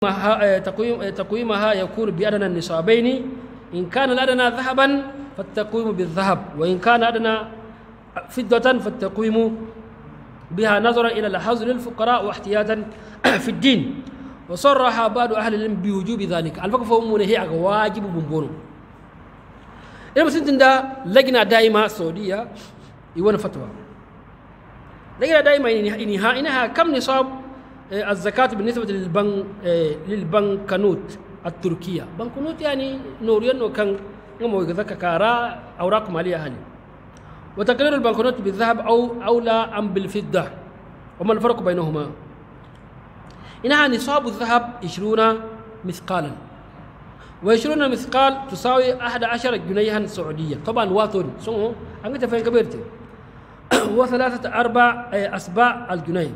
آه، آه، تقويمها يكون بأدنى النصابين إن كان الأدنى ذهبا فالتقويم بالذهب وإن كان أدنى فدة فالتقويم بها نظرا إلى الحظر للفقراء واحتياطا في الدين وصرح بعض أهل العلم بوجوب ذلك الفقه فهمون هي واجب بمبونو إذا مسنت دا لجنة دائمة سعودية يوان فتوى لجنة دائمة إنها إنها كم نصاب إيه، الزكاة بالنسبة للبنك إيه، للبنكنوت التركية بنكنوت يعني نوريان وكان نمو يزكى كارا أوراق مالية هني وتقرير البنكنوت بالذهب أو لا أم بالفضة وما الفرق بينهما إنها نصاب الذهب عشرون مثقالا وعشرون مثقال تساوي أحد عشر جنيها سعودية طبعا واثن سمو أنت فين كبرتي وثلاثة أربع إيه، أسباع الجنيه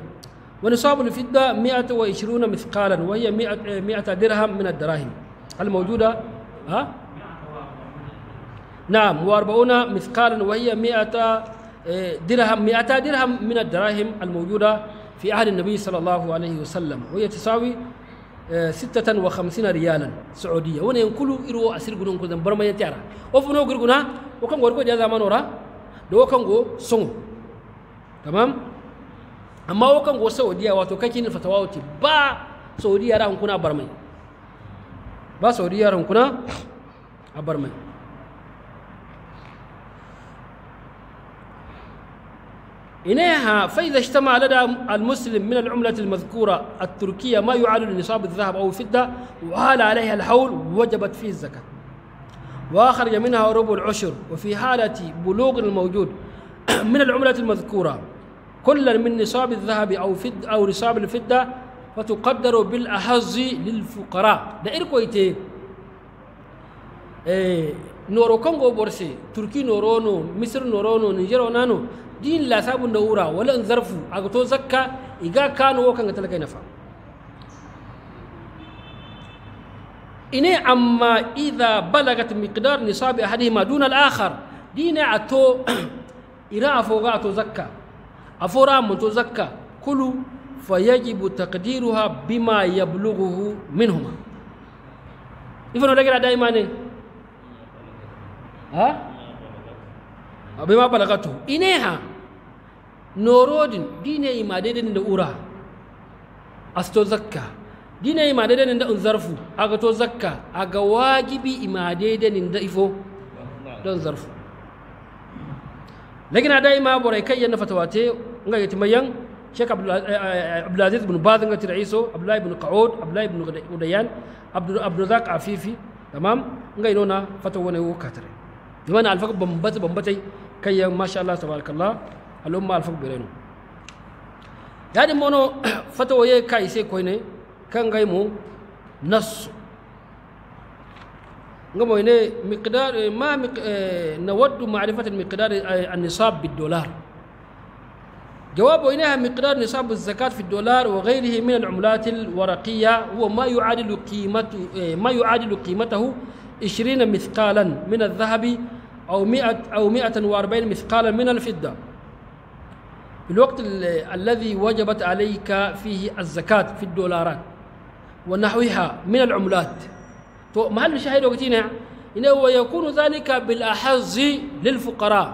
ونصاب الفضة 120 مثقالا وهي 100 100 درهم من الدراهم الموجودة ها نعم و40 مثقالا وهي 100 آه، درهم 100 درهم من الدراهم الموجودة في عهد النبي صلى الله عليه وسلم وهي تساوي آه، ستة ريالا سعودية وانا ينكلو إرو أسير قلون قلون برما يتعرى وفنو قلقنا وكان قلقوا جاذا مانورا دو كان قلقوا تمام amma وكان kan go saudiya wato kake ni fatawawati ba saudiya ra hunkuna bar mai ba saudiya a bar mai إنها فإذا اجتمع لدى المسلم من العملة المذكورة التركية ما يعادل نصاب الذهب أو الفضة وعال عليها الحول وجبت فيه الزكاة وأخرج منها ربع العشر وفي حالة بلوغ الموجود من العملة المذكورة كلا من نصاب الذهب أو فد أو نصاب الفضة فتقدر بالأحظ للفقراء ده إركو إيه noro kongo borse turki norono misir norono niger onano din la sabu da wura wala zarfu aga to zakka iga kano kan talaka nafa ine amma idha balagat miqdar nisab ahadihima duna al-akhar dina ato ira afoga ato zakka afora munto zakka kulu fa yajibu taqdiruha bima yablughuhu minhuma hivyo ndio dagira daima ne ha abima balagatu ineha norodin dine ima daidai da ura asto zakka dine ima daidai da unzarfu aga to zakka aga wajibi ima daidai da ifo don zarfu lagina da ima bore kai yan fatawate nga yiti mayan sheikh abdullah abdulaziz ibn baz nga tira iso abdullah ibn qaud abdullah ibn udayan abdul abdurzaq afifi tamam nga inona fatawone wo katare yuwana alfaq bambat bambatay kai yan masha allah tabarakallah alumma alfaq berenu yadi mono fatawaye kai sai koine kan gaimu nasu قاموا مقدار ما مق... نود معرفة مقدار النصاب بالدولار جوابه إنها مقدار نصاب الزكاة في الدولار وغيره من العملات الورقية هو ما يعادل قيمته ما يعادل قيمته 20 مثقالا من الذهب أو 100 أو 140 مثقالا من الفضة في الوقت الذي وجبت عليك فيه الزكاة في الدولارات ونحوها من العملات تو محل الشاهد وقتنا إنه ويكون ذلك بالأحظ للفقراء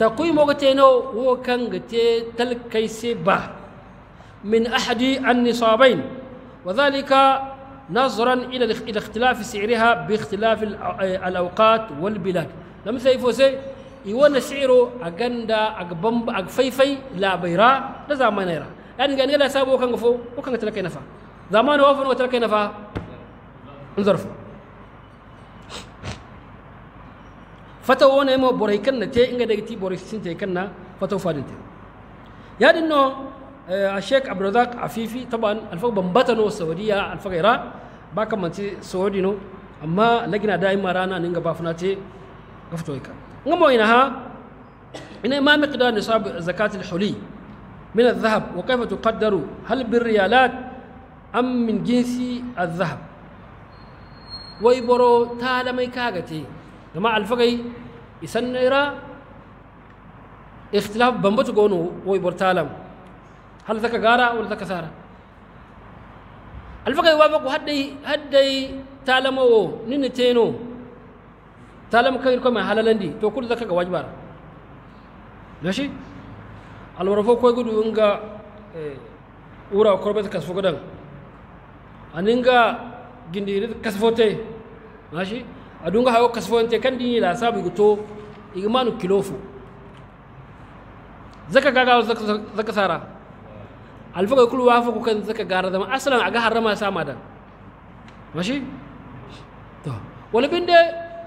تقوي وقتنا هو كان تلكيس به من أحد النصابين وذلك نظرا إلى إلى اختلاف سعرها باختلاف آه، الأوقات والبلاد لم سيفوزي يوانا سعره أجندا أجبمب أجفيفي لا بيرا لا زمان يرى يعني قال لا سابو كان غفو وكان تلك نفا زمان وفن وتلك نفا انظرفوا fata wona mo boray kanna te inga daga ti boray sinte kanna fata fadinte yadin no الشيخ عبد الرزاق عفيفي طبعا الفق بمبتنو السعودية الفق إيران باكا منتي سعودي نو أما لقينا دائما رانا نينغا بافناتي غفتويكا نمو إنها إن ما مقدار نصاب زكاة الحلي من الذهب وكيف تقدر هل بالريالات أم من جنس الذهب ويبرو تالا ميكاغتي gama alfagai isan ira ikhtilaf bambatu gono woy bortalam hal zaka gara wala zaka sara alfagai wa ko haddai haddai talamo wo nini teno talam kai ko mai halalandi to kul zaka ga wajbar lashi alwarfo ko gudu nga eh, ura korbet kasfo godan aninga gindi kasfote lashi adunga hayo kasfonte dini la sabu guto igmanu kilofu zaka gaga zaka, zaka sara alfaga kulu wafa ku kan zaka gara zama asalan aga harama sama da mashi to wala binde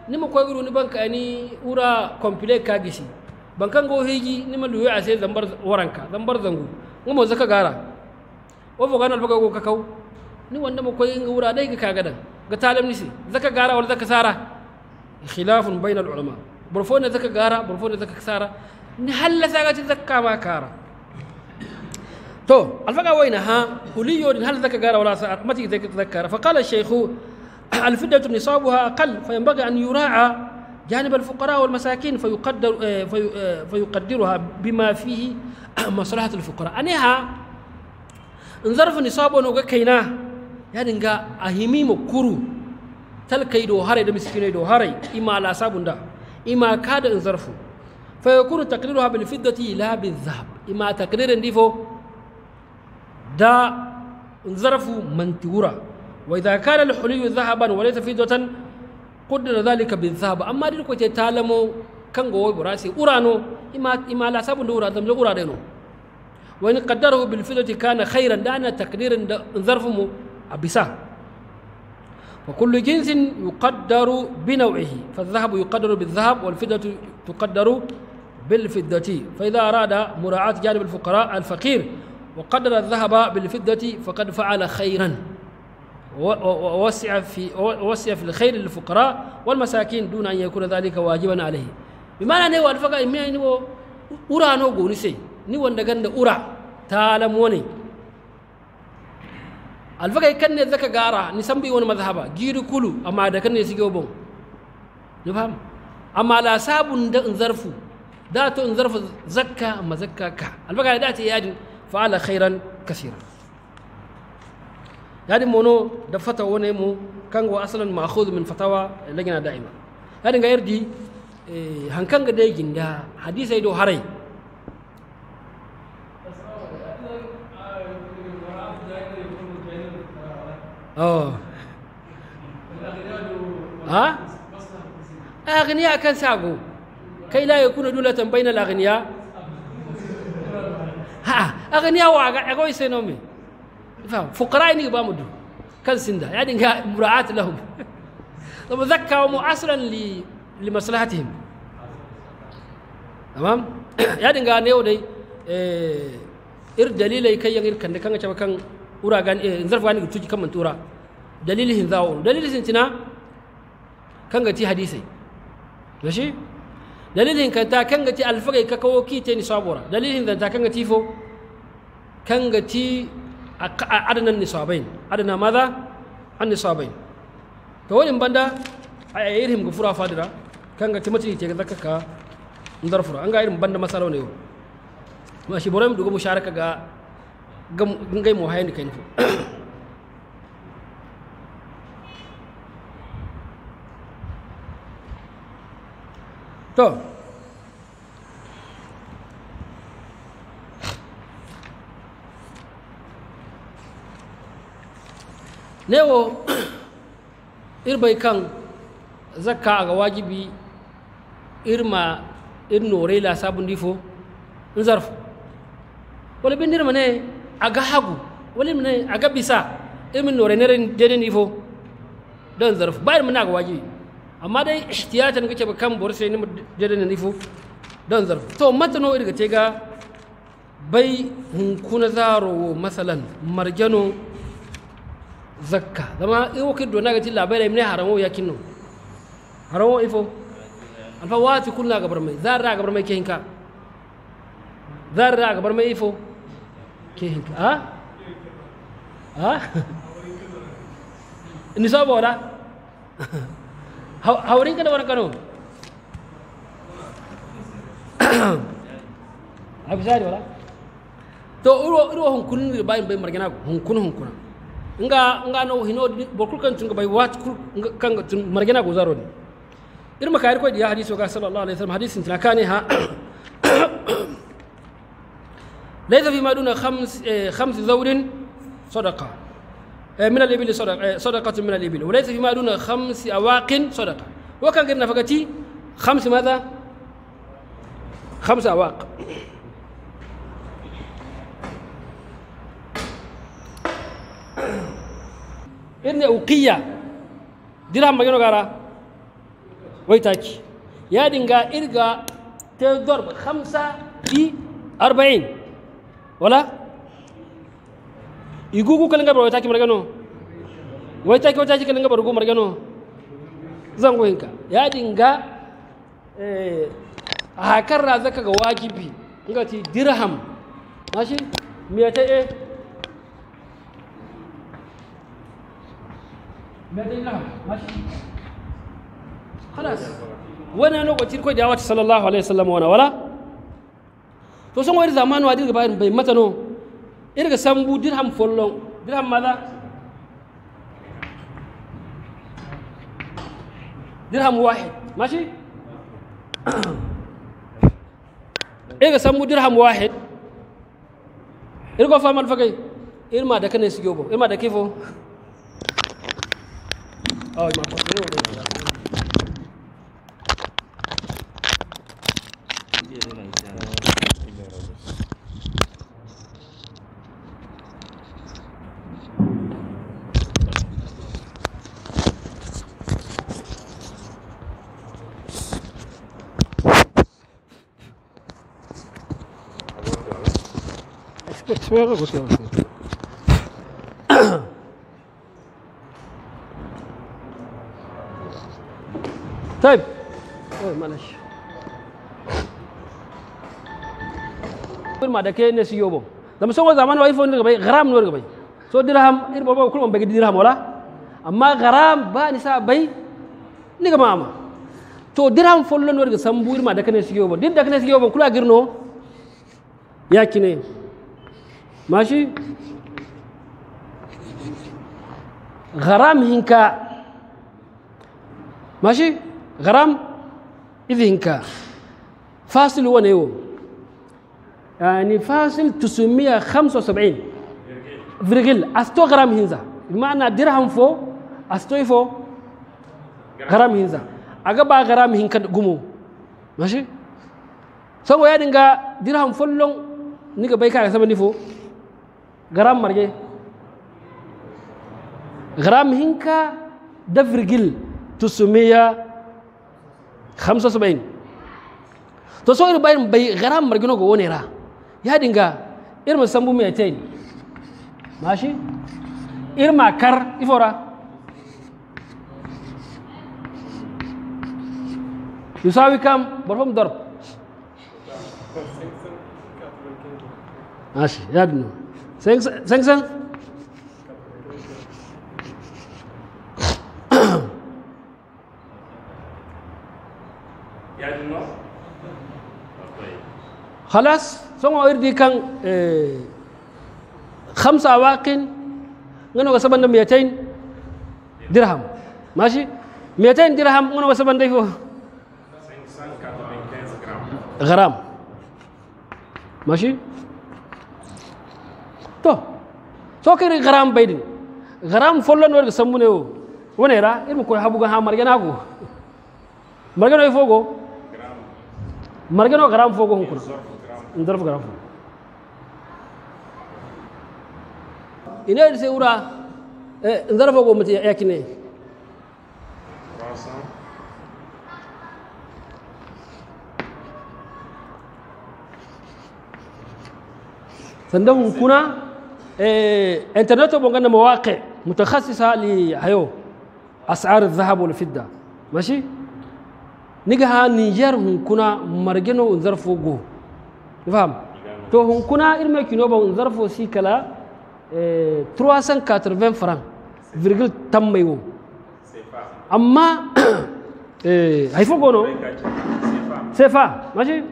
ni mu koyru ni banka ni ura complete ka gisi bankan go higi ni ma duwe ase zambar waranka zambar zangu mu zaka gara wo fogan alfaga ko kakau ni wanda mu koyi ura dai ka kaga قتال سي ذكا قارا ولا ذكا سارة خلاف بين العلماء برفون ذكا قارا برفون ذكا سارة نهل ساقة ذكا ما كارا تو الفقه وينها هليو هل ذكا قارا ولا سارة متى ذكا فقال الشيخ الفدة نصابها أقل فينبغي أن يراعى جانب الفقراء والمساكين فيقدر في فيقدرها بما فيه مصلحة الفقراء أنها انظر في نصابه وكيناه yaadin ga a himimo kuru talkay do haray ɗo miskinay da harai. ima ala sabunda ima kaada en zarfu fa yakunu taqdiruha bilfiddati la bildahab ima taqdire ndi fo da zarfu manti wura wa idha kana alhuliyu dhahaban wa laysa fiddatan qaddara dhalika bildahab amma ɗin koyte talamo kango woy ɓorasi urano ima ima la sabunda ura damjo ura da ɗeno wa in qaddarahu bilfiddati kana khayran da ana taqdiren zarfu mu. أبسا وكل جنس يقدر بنوعه فالذهب يقدر بالذهب والفضة تقدر بالفضة فإذا أراد مراعاة جانب الفقراء الفقير وقدر الذهب بالفضة فقد فعل خيرا ووسع في ووسع في الخير للفقراء والمساكين دون أن يكون ذلك واجبا عليه بمعنى أنه الفقراء إما أنه أرى نوغو نسي نيوان وندغن أرى تعلموني alfaga kan ne zaka gara ni sambi wani mazhaba giri kulu amma da kan ne sige bon ni fam amma la sabun da in zarfu da to in zarfu zakka amma zakka ka alfaga da ta yadin fa'ala khairan kaseeran yadin mono da fata wone mu kango asalan ma'khudh min fatawa lagina da'ima yadin ga yardi eh, hankanga da ginda hadisai do harai اه ها اغنياء كان ساقو كي لا يكون دولة بين الاغنياء ها اغنياء واغوي سينومي فهم فقراء ني بامدو كان سندا يعني مراعاة لهم طب ذكى مؤثرا لمصلحتهم تمام يعني غانيو دي ايه ir دليل kai yan irkan da كان ura gan e eh, zarf gan ga tuki kaman dalili hin zawo dalili sin tina kan ga ti hadisi yashi dalilin ka ta kan ga ti alfagai ka kawo ki te ni sabura dalilin da ta kan ga ti fo kan ga ti adana nisabain adana maza an nisabain to wani banda a yayin ga fura fadira kan ga timati ke zaka ka ndar an ga irin banda masalo ne yau ma shi boram dugo musharaka ga ngai mo hayni kañ fo to newo irbay kan zakka ga wajibi irma irnorela sabundi fo n zarfo wala bindirma ne aga hagu ne aga bisa imin nore neren deden ifo don zarf bayan mun aga wajibi amma dai ihtiyatan kake ba kan borse ni deden ifo don zarf to matano irga te ga bai kuna zaro masalan marjano zakka zama iwo kiddo naga ti labara ne haramo yakinno haramo ifo alfa wati kunna gabar mai zarra gabar mai kenka zarra gabar mai ifo kehinka a a ni so boda hawrinka da wonkano abisari wala to iro iro hunkun wir bayin bay margana hunkun hunkuna nga nga no hino bokul kan tunga bay wat kul kan margana go zaro ni irma kayir ko di hadisi ga sallallahu alaihi wasallam hadisin tinakani ha ليس فيما دون خمس آه، خمس ذور صدقة آه، من الإبل صدقة آه، صدقة من الإبل وليس فيما دون خمس أواق صدقة وكان قد نفقتي خمس ماذا؟ خمس أواق إن أوقية درهم ما ينقرا ويتاكي يا دينغا إرغا تضرب خمسة في أربعين wala igugu kala kalinga baro taki margano wai taki wata taki kala baro go margano zan goyinka ya dinga eh hakar ra zaka ga wajibi inga ti dirham mashi me ta eh me ta dirham mashi خلاص وانا نوقتي الكويت يا صلى الله عليه وسلم وانا ولا to son zaman zamanu adir bayan bai matano irga sambu dirham follon dirham mala dirham wahid ماشي إيه سمو درهم واحد إيه فاهم الفقي إيه ما دكان يسجوبه إيه ما دكيفه أو ما Sfäre gut gemacht. طيب معلش ma da kai ne siyo bom da musamman zamanin wa ifon daga bai gram ne bai so dirham ir baba kullu bai dirham wala amma gram ba ni sa bai ni ga mama to dirham follo ne ga sambu ma da kai ne siyo bom din da kai ne siyo bom kula girno ya kine ماشي غرام هنكا ماشي غرام إذ هنكا فاصل هو نيو يعني فاصل تسمية خمسة وسبعين فريقل أستو غرام هنزا بمعنى درهم فو أستو فو غرام هنزا أقبع غرام هنكا قمو ماشي سوى يعني درهم فلون نيجا بيكا سبني فو marge gram hinka dafrigil tusumiya hamsa saba'in to so iri bayin bai garam margino ga wani ra ya dinga irma sambu mai tain mashi irma kar ifora yusawi kam barfam darb mashi ya san san خلاص ثم أردي كان خمس أواقن غنوا وسبن مئتين درهم ماشي مئتين درهم غنوا وسبن ديفو غرام ماشي to so kai kiri garam baydin garam follon warga sammune o wonera irmi koye habuga ha margana marguenago margueno e fogo margueno garam fogo honkuna dorf garam fogo ina yiɗi se wura e, ndara fogo mati yakkine e sanda hunkuna انترنت وبنغنا مواقع متخصصه لهيو اسعار الذهب والفضه ماشي نيجا نيجر هون كنا مرجنو انظرفو جو فهم تو هون كنا ارمي كينو با انظرفو سي كلا 380 فرانك فيرغل تميو اما هيفو غونو سيفا ماشي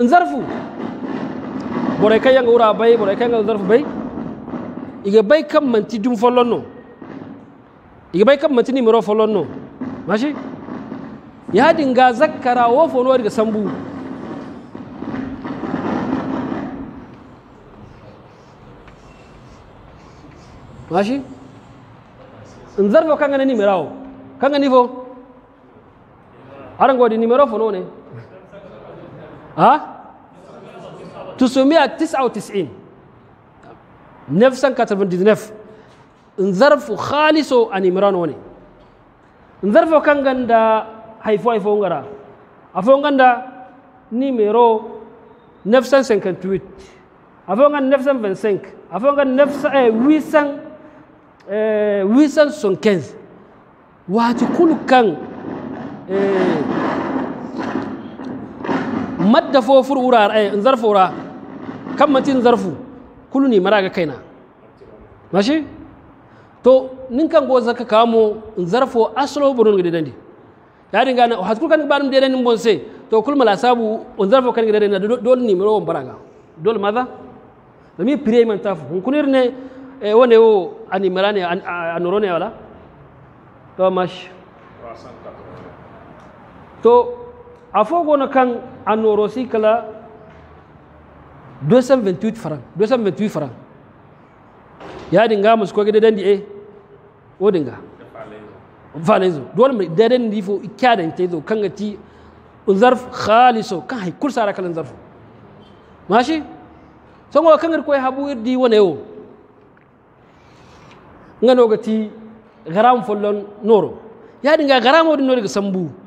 انظرفو bore kay yang ura bay bore kay ngal darf bay iga bai kam manti dum folon no iga bay kam manti ni mero folon no mashi ya dinga zakkara wo fono daga sambu mashi in zarfo kanga ni mirawo kanga ni fo arango di numero fono ne ha 999 999 nzarfu khaliso an imrano ne nzarfo kan ganda haifo haifo ngara afo ganda numero 958 afo ganda 925 afo ganda 875 wati kulu kan madda fo fur urar nzarfo kan matin zarfu kulu ne mara ga kaina mashi to nin kan goza ka kamo zarfo aslo burun gida dandi ya dinga na hasku kan barin da dandi sai to kul mala sabu on zarfo kan gida dandi dole ne mara bara ga dole maza da mi pire tafu kun kunir ne e eh, wone wo ani marane anorone wala to mash to afo gona kan anorosi kala 228 francs 228 francs ya dinga musu ko gidan da eh o dinga valenzo dole mai dadan di fo ikya da ta zo kan ga ti zarf khaliso kan hay kursa ra kalan zarfu mashi son go kan ko habu irdi wona yo ngano ga ti garam follon noro ya dinga garamo din noro ga sambu